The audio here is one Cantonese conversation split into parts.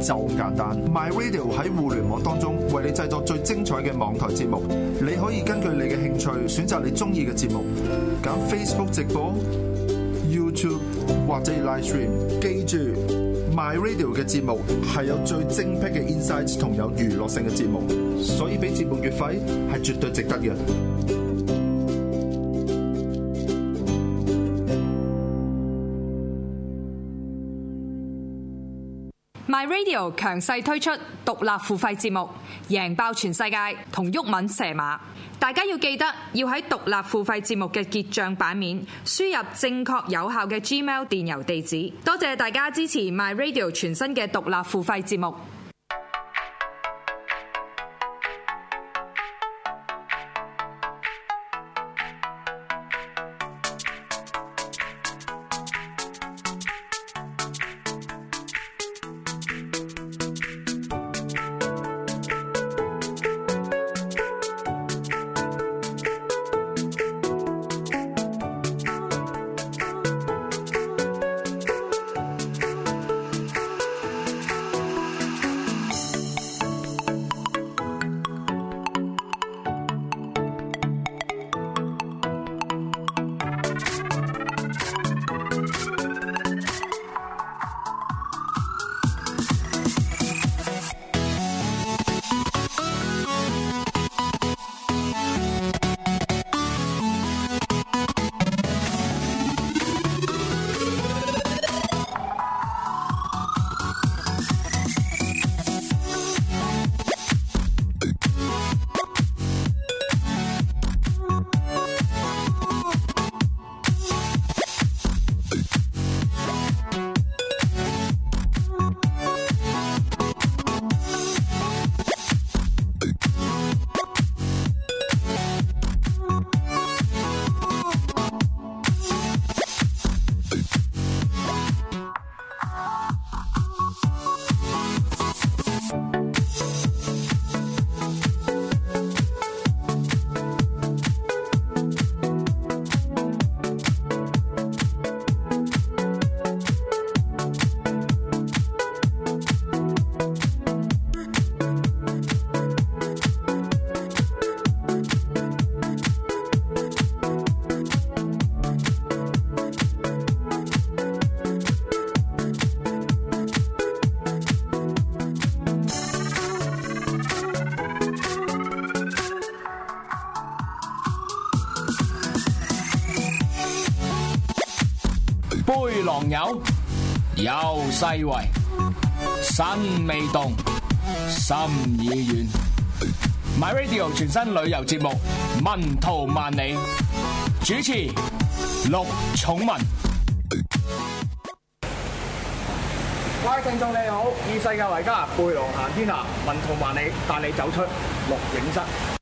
就咁簡單，My Radio 喺互聯網當中為你製作最精彩嘅網台節目，你可以根據你嘅興趣選擇你中意嘅節目，揀 Facebook 直播、YouTube 或者 Live Stream。記住，My Radio 嘅節目係有最精辟嘅 insights 同有娛樂性嘅節目，所以俾節目月費係絕對值得嘅。Radio 強勢推出獨立付費節目，贏爆全世界同毓民射馬。大家要記得要喺獨立付費節目嘅結賬版面輸入正確有效嘅 Gmail 電郵地址。多謝大家支持 My Radio 全新嘅獨立付費節目。有有世位，身未動，心已遠。My Radio 全新旅遊節目《文圖萬里》，主持陸寵文。各位聽眾你好，以世界為家，背囊行天下，文圖萬里帶你走出錄影室。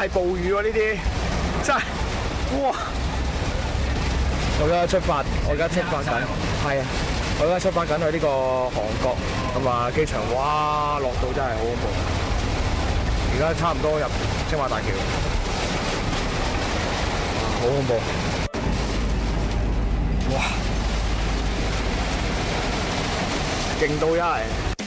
係暴雨喎，呢啲真係哇！我而家出發，我而家出發緊。係啊， 我而家出發緊去呢個韓國咁啊機場，哇！落到真係好恐怖。而家差唔多入青馬大橋，好恐怖！哇，勁到一嘢。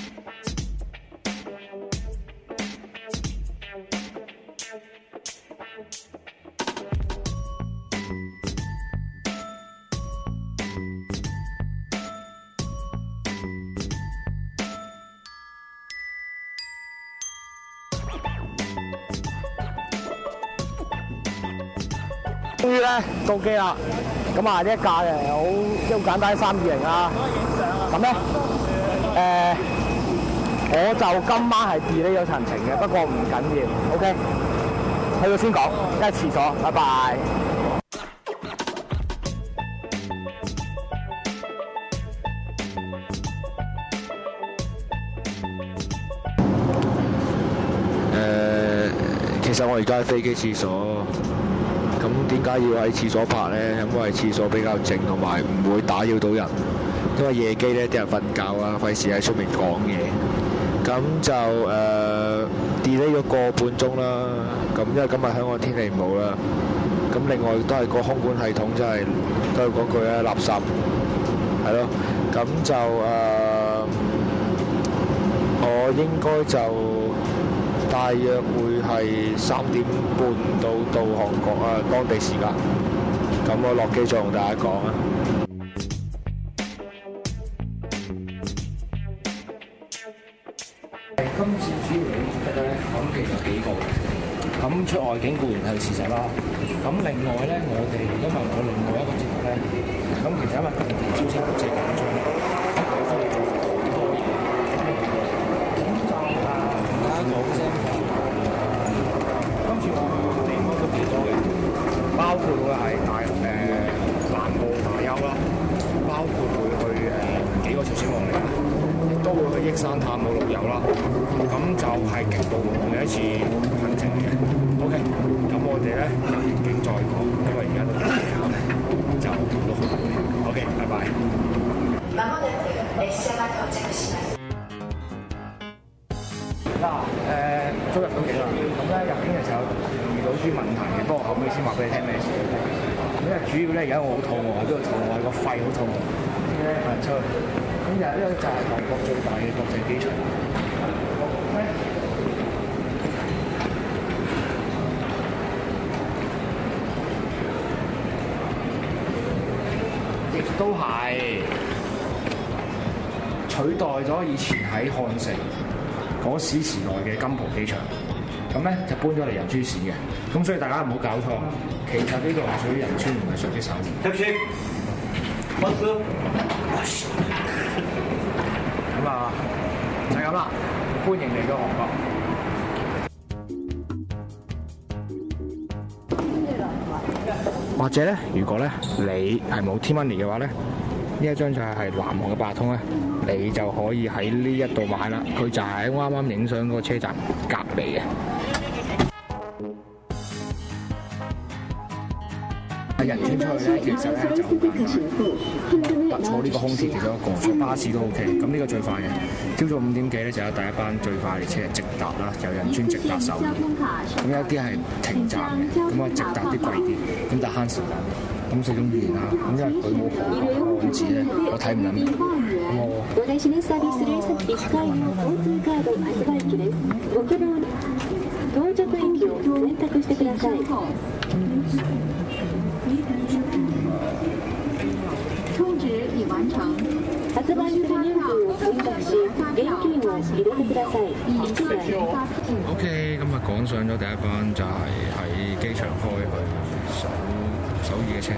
到機啦，咁啊呢一架誒好即係好簡單三二零啊，咁咧誒我就今晚係跌有層情嘅，不過唔緊要，OK，去到先講，一係廁所，拜拜。誒、呃，其實我而家喺飛機廁所。點解要喺廁所拍呢？因為廁所比較靜，同埋唔會打擾到人。因為夜機呢，啲人瞓覺啊，費事喺出面講嘢。咁就誒 delay 咗個半鐘啦。咁因為今日香港天氣唔好啦。咁另外都係個空管系統真係都係嗰句啊，垃圾係咯。咁就誒，我應該就。大約會係三點半到到韓國啊，當地時間，咁我落機再同大家講啊。今次主要咧，咁其實幾個？咁出外景固然係事實啦。咁另外咧，我哋如果問我另外一個節目咧，咁其實因為佢哋招生錄取。登山探霧旅遊啦，咁就係極度忙嘅一次行程嘅。OK，咁我哋咧行完景再講，因為而家唔得閒。就 OK，拜拜。嗱，誒，進入到幾多？咁咧入邊嘅時候遇到啲問題嘅，不過後尾先話俾你聽咩事。因為主要咧而家我好肚餓喎，喺度肚餓喎，個肺好痛。係出去。今日呢個就係韓國最大嘅國際機場，亦都係取代咗以前喺漢城嗰時時代嘅金浦機場，咁咧就搬咗嚟仁川市嘅。咁所以大家唔好搞錯，其實呢度係屬於仁川，唔係屬於首爾。 就咁啦，歡迎嚟到韓國。或者咧，如果咧你係冇 T-money 嘅話咧，呢一張就係南韓嘅八達通咧，你就可以喺呢一度買啦。佢就係啱啱影相嗰個車站隔離嘅。仁川出去咧，其實咧就搭坐呢個空鐵其中一個，坐巴士都 OK。咁呢個最快嘅，朝早五點幾咧就有、是、第一班最快嘅車，直達啦，由仁川直達首爾。咁有啲係停站嘅，咁啊直達啲貴啲，咁但係慳時間。咁四種語言啦，咁因係佢冇唔止嘅，我睇唔到，我可能到 O K，咁啊，okay，趕上咗第一班，就係喺機場開去首首爾嘅車。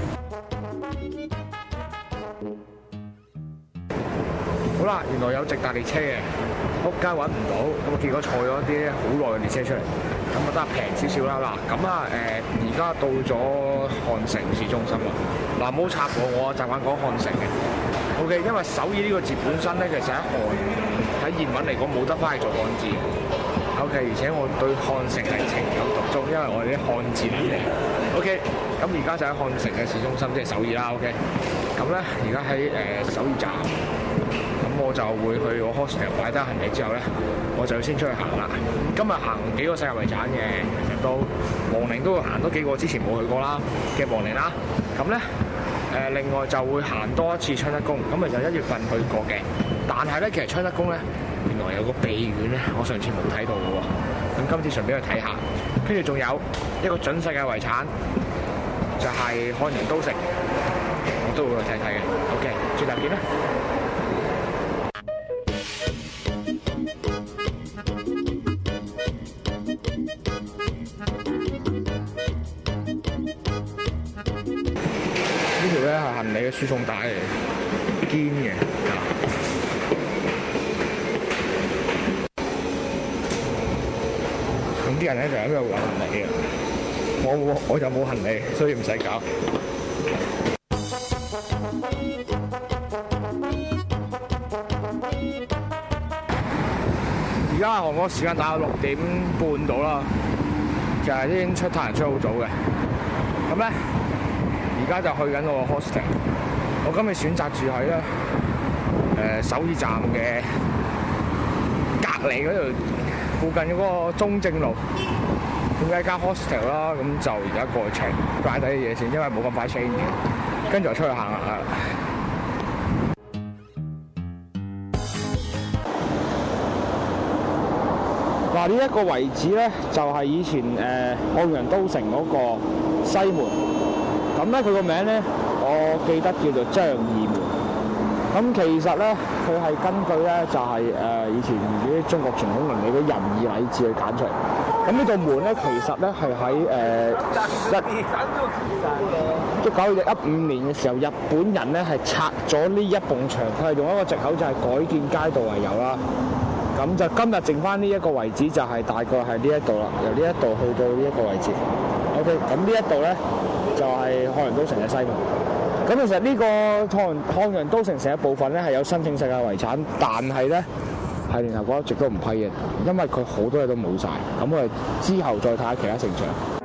好啦，原來有直達列車嘅，撲街揾唔到，咁啊，結果坐咗啲好耐嘅列車出嚟。咁覺得平少少啦嗱，咁啊誒，而家到咗漢城市中心喎，嗱冇插我，我習慣講漢城嘅，OK，因為首爾呢個字本身咧其實係漢喺言文嚟講冇得翻去做漢字，OK，而且我對漢城係情有獨鍾，因為我哋啲漢字嚟嘅，OK，咁而家就喺漢城嘅市中心，即係首爾啦，OK，咁咧而家喺誒首爾站。咁我就會去我 hostel 擺低行李之後咧，我就要先出去行啦。今日行幾個世界遺產嘅，到王陵都會行多幾個之前冇去過啦嘅王陵啦。咁咧誒，另外就會行多一次昌德宮。咁咪就一月份去過嘅，但係咧其實昌德宮咧原來有個秘苑咧，我上次冇睇到嘅喎。咁今次順便去睇下，跟住仲有一個準世界遺產，就係漢寧都城，我都會去睇睇嘅。O、OK, K，最特別咧。輸送帶嚟，堅嘅。咁、嗯、啲人咧就喺邊度揾行李啊？我我我就冇行李，所以唔使搞。而家韓國時間打到六點半到啦，就係、是、已經出太陽出好早嘅。咁咧，而家就去緊我 hosting。我今日選擇住喺咧誒首爾站嘅隔離嗰度，附近嘅嗰個中正路，點解間 hostel 啦？咁就而家過程，擺底啲嘢先，因為冇咁快 change 嘅。跟住就出去行啦。嗱，呢一個位置咧，就係、是、以前誒漢陽都城嗰個西門，咁咧佢個名咧。我記得叫做張義門，咁其實咧，佢係根據咧就係、是、誒、呃、以前啲中國傳統倫理嗰仁義禮智去揀出嚟。咁呢度門咧，其實咧係喺誒一九一五年嘅時候，日本人咧係拆咗呢一埲牆，佢係用一個藉口就係改建街道為由啦。咁就今日剩翻呢一個位置就係大概係呢一度啦，由呢一度去到呢一個位置。OK，咁呢一度咧就係漢陽都城嘅西門。咁其實呢、呢個漢漢陽都城城一部分咧係有申請世界遺產，但係咧係聯合國一直都唔批嘅，因為佢好多嘢都冇晒。咁我哋之後再睇下其他城牆。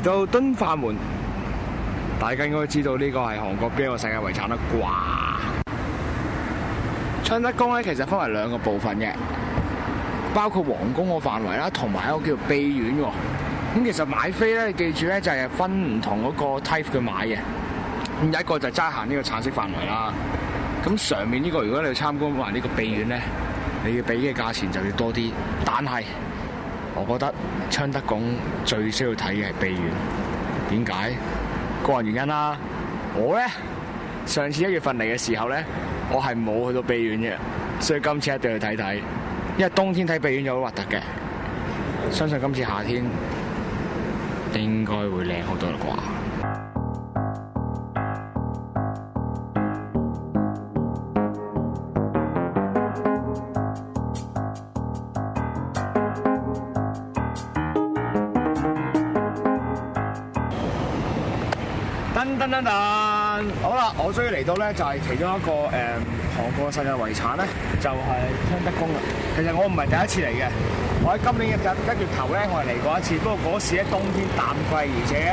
嚟到敦化門，大家應該知道呢個係韓國邊個世界遺產啦啩？昌德宮咧其實分為兩個部分嘅，包括皇宮個範圍啦，同埋一個叫秘苑喎。咁其實買飛咧，記住咧就係分唔同嗰個 type 去買嘅。咁有一個就係齋行呢個橙色範圍啦。咁上面呢個如果你去參觀話，呢個秘苑咧，你要俾嘅價錢就要多啲，但係。我覺得昌德宮最需要睇嘅係秘苑，點解？個人原因啦。我咧上次一月份嚟嘅時候咧，我係冇去到秘苑嘅，所以今次一定要去睇睇。因為冬天睇秘苑就好核突嘅，相信今次夏天應該會靚好多啦啩。就係其中一個誒、呃、韓國世界遺產咧，就係昌德宮啦。其實我唔係第一次嚟嘅，我喺今年一月頭咧，我係嚟過一次。不過嗰時咧冬天淡季，而且呢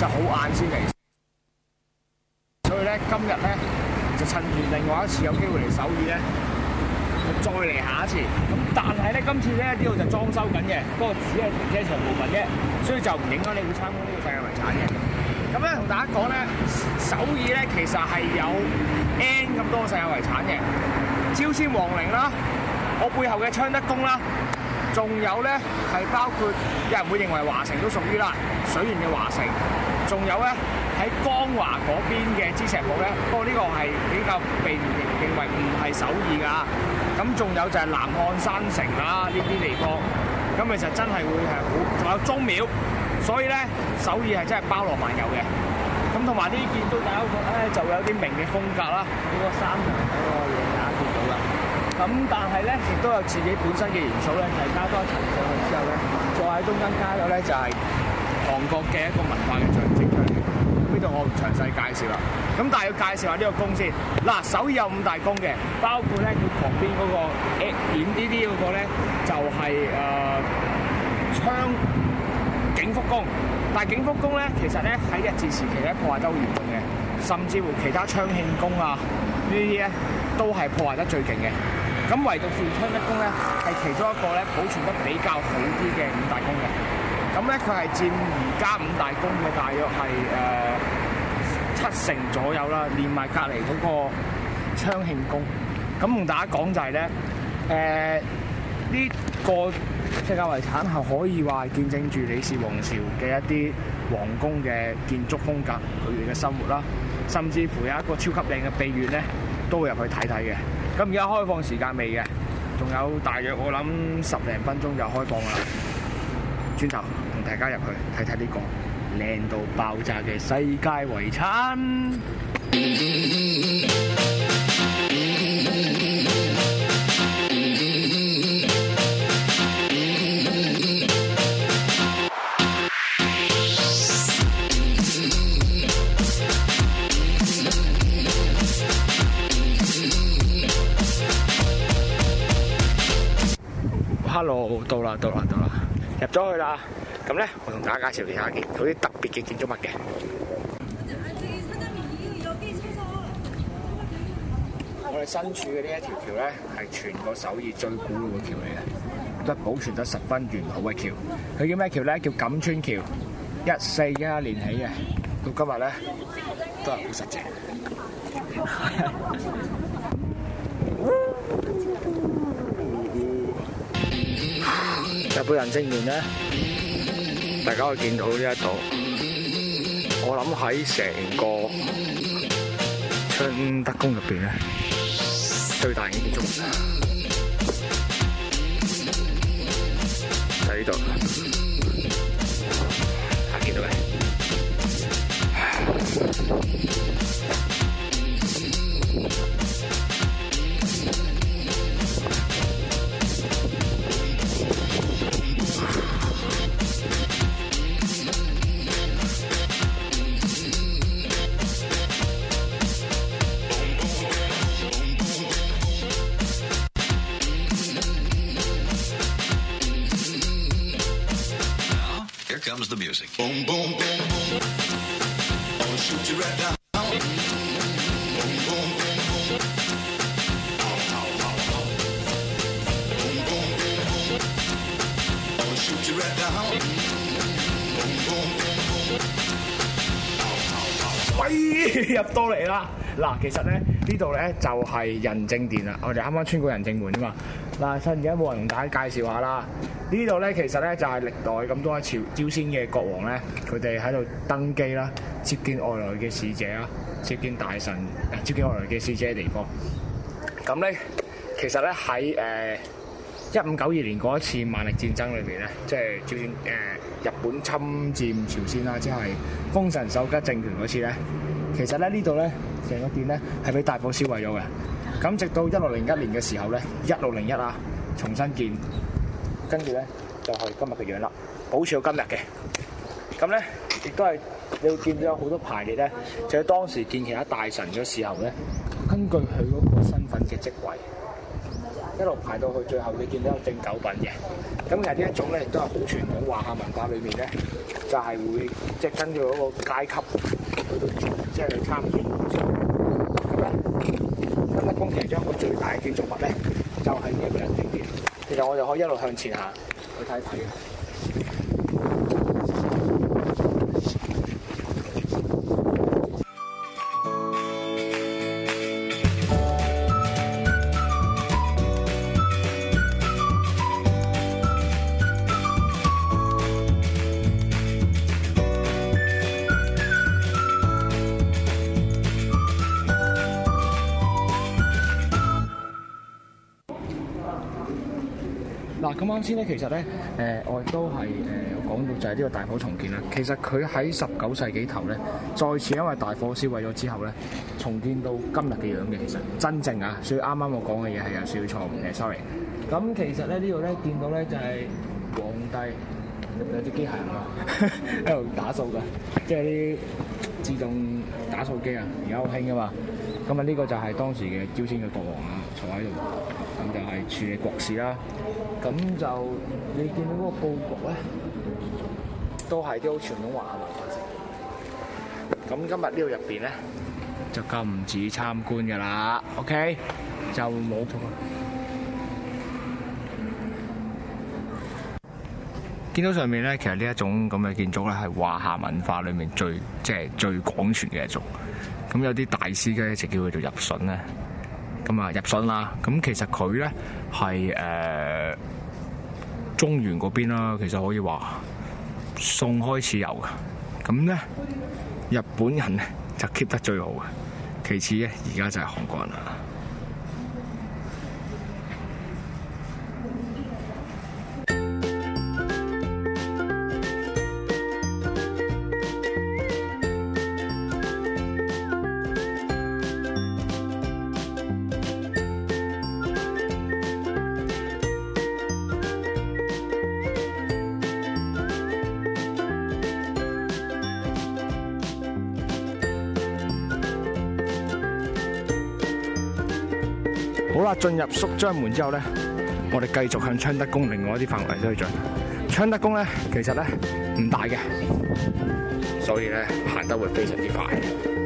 就好晏先嚟，所以咧今日咧就趁住另外一次有機會嚟首爾咧，就再嚟下一次。咁但係咧，今次咧呢度就裝修緊嘅，嗰個只係停車場部分啫，所以就唔影響你會參觀呢個世界遺產嘅。咁咧同大家講咧，首爾咧其實係有 N 咁多世界遺產嘅，朝鮮王陵啦，我背後嘅昌德宮啦，仲有咧係包括有人會認為華城都屬於啦，水原嘅華城，仲有咧喺江華嗰邊嘅支石墓咧，不過呢個係比較被認為唔係首爾㗎，咁仲有就係南漢山城啦呢啲地方，咁其實真係會係好，仲有宗廟。所以咧，首爾係真係包羅萬有嘅。咁同埋啲建築大家覺得咧，就有啲明嘅風格啦。嗰個山同嗰個嘢見到㗎啦。咁但係咧，亦都有自己本身嘅元素咧，係加多一層上去之後咧，再喺中間加咗咧，就係韓國嘅一個文化嘅象徵出嚟。呢度我唔詳細介紹啦。咁但係要介紹下呢個宮先。嗱，首爾有五大宮嘅，包括咧佢旁邊嗰個誒點呢啲嗰個咧，就係誒昌福宮，但係景福宮咧，其實咧喺日治時期咧破壞得好嚴重嘅，甚至乎其他昌慶宮啊呢啲咧都係破壞得最勁嘅。咁唯獨昌德宮咧係其中一個咧保存得比較好啲嘅五大宮嘅。咁咧佢係佔而家五大宮嘅大約係誒七成左右啦，連埋隔籬嗰個昌慶宮。咁同大家講就係咧，誒呢個。世界遺產係可以話見證住李氏王朝嘅一啲皇宮嘅建築風格，佢哋嘅生活啦，甚至乎有一個超級靚嘅秘穴咧，都會入去睇睇嘅。咁而家開放時間未嘅，仲有大約我諗十零分鐘就開放啦。轉頭同大家入去睇睇呢個靚到爆炸嘅世界遺產。 hello 到啦到啦到啦，入咗去啦。咁咧我同大家介紹下佢啲特別嘅建築物嘅。我哋身處嘅呢一條橋咧係全個首爾最古老嘅橋嚟嘅，都係保存得十分完好嘅橋。佢叫咩橋咧？叫錦川橋，一四一年起嘅。咁今日咧都係好實淨。日本人正面咧，大家可以見到呢一度，我諗喺成個昌德宮入邊咧，最大嘅建築就呢度。其實咧，呢度咧就係仁政殿啦。我哋啱啱穿過仁政門啫嘛。嗱，趁而家冇人，同大家介紹下啦。呢度咧，其實咧就係歷代咁多朝朝鮮嘅國王咧，佢哋喺度登基啦，接見外來嘅使者啦，接見大臣啊，接見外來嘅使者嘅地方。咁咧，其實咧喺誒一五九二年嗰一次萬曆戰爭裏邊咧，即係朝鮮誒日本侵佔朝鮮啦，即係豐臣秀吉政權嗰次咧。其實咧，呢度咧，成個店咧係俾大火燒毀咗嘅，咁直到一六零一年嘅時候咧，一六零一啊重新建，跟住咧就係今日嘅樣啦，保持到今日嘅。咁咧亦都係你會見到有好多排列咧，就係當時建其他大臣嘅時候咧，根據佢嗰個身份嘅職位，一路排到去最後，你見到有正九品嘅。咁其實呢一種咧亦都係好傳統華夏文化裏面咧，就係會即係根據嗰個階級。參參觀將今日工程將個最大嘅建築物咧，就係呢一個人頂住。其實我哋可以一路向前行，去睇睇。首先咧，其實咧，誒，我亦都係誒講到就係呢個大火重建啦。其實佢喺十九世紀頭咧，再次因為大火燒毀咗之後咧，重建到今日嘅樣嘅。其實真正啊，所以啱啱我講嘅嘢係有少少錯誤嘅。Sorry。咁其實咧，呢度咧見到咧就係皇帝，有啲機械人啊喺度打掃㗎，即係啲自動打掃機啊，而家好興㗎嘛。咁啊，呢個就係當時嘅朝鮮嘅國王啊，坐喺度，咁就係處理國事啦。咁就你見到嗰個佈局咧，都係啲好傳統華夏文化。咁今日呢度入邊咧，就禁止參觀㗎啦。OK，就冇錯。見到上面咧，其實呢一種咁嘅建築咧，係華夏文化裏面最即係最廣傳嘅一種。咁有啲大師嘅，一直叫佢做入榫咧。咁啊，入榫啦。咁其實佢咧，係誒，中原嗰邊啦，其實可以話宋開始有嘅。咁咧，日本人咧就 keep 得最好嘅，其次咧而家就係韓國人啦。進入宿將門之後咧，我哋繼續向昌德宮另外一啲範圍推進。昌德宮咧，其實咧唔大嘅，所以咧行得會非常之快。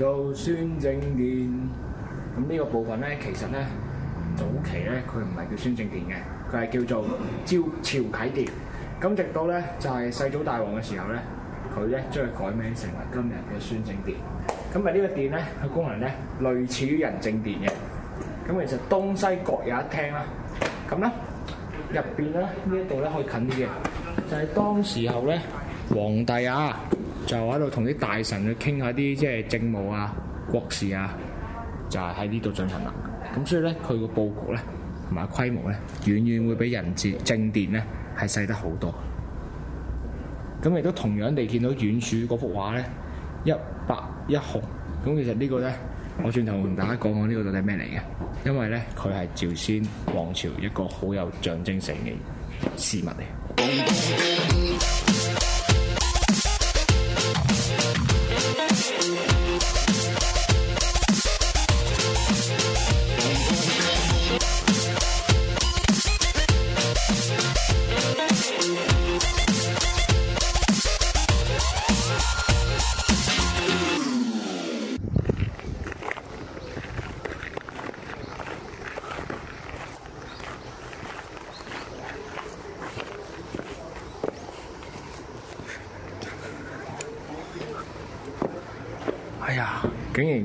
到宣政殿咁呢個部分咧，其實咧早期咧佢唔係叫宣政殿嘅，佢係叫做朝朝啟殿。咁直到咧就係、是、世祖大王嘅時候咧，佢咧將佢改名成為今日嘅宣政殿。咁啊呢個殿咧，佢功能咧類似於仁政殿嘅。咁其實東西各有一廳啦。咁咧入邊咧呢一度咧可以近啲嘅，就係、是、當時候咧皇帝啊。就喺度同啲大臣去傾下啲即係政務啊、國事啊，就係喺呢度進行啦。咁所以呢，佢個佈局呢，同埋規模呢，遠遠會比仁政殿呢係細得好多。咁亦都同樣地見到遠處嗰幅畫呢，一白一紅。咁其實呢個呢，我轉頭同大家講講呢個到底咩嚟嘅？因為呢，佢係朝鮮王朝一個好有象徵性嘅事物嚟。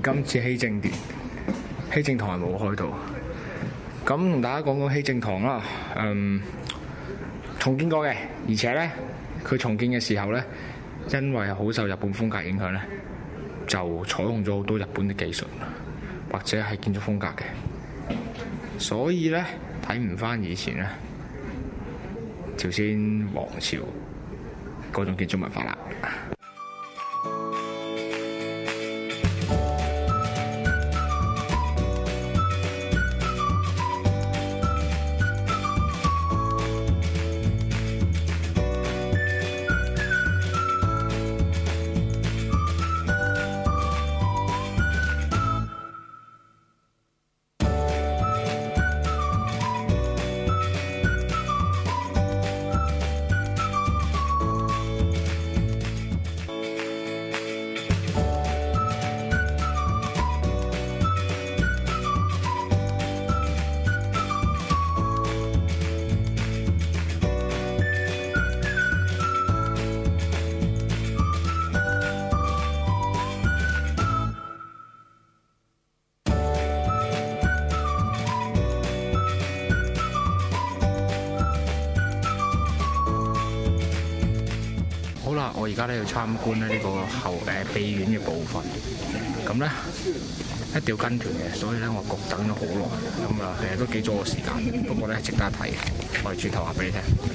今次熙政殿、熙政堂係冇開到。咁同大家講講熙政堂啦。嗯，重建過嘅，而且呢，佢重建嘅時候呢，因為好受日本風格影響呢就採用咗好多日本嘅技術或者係建築風格嘅，所以呢，睇唔返以前咧朝鮮王朝嗰種建築文化啦。而家咧要參觀咧呢個後誒秘院嘅部分，咁咧一定要跟團嘅，所以咧我焗等咗好耐，咁啊其實都幾早個時間，不過咧值得睇嘅，我哋轉頭話俾你聽。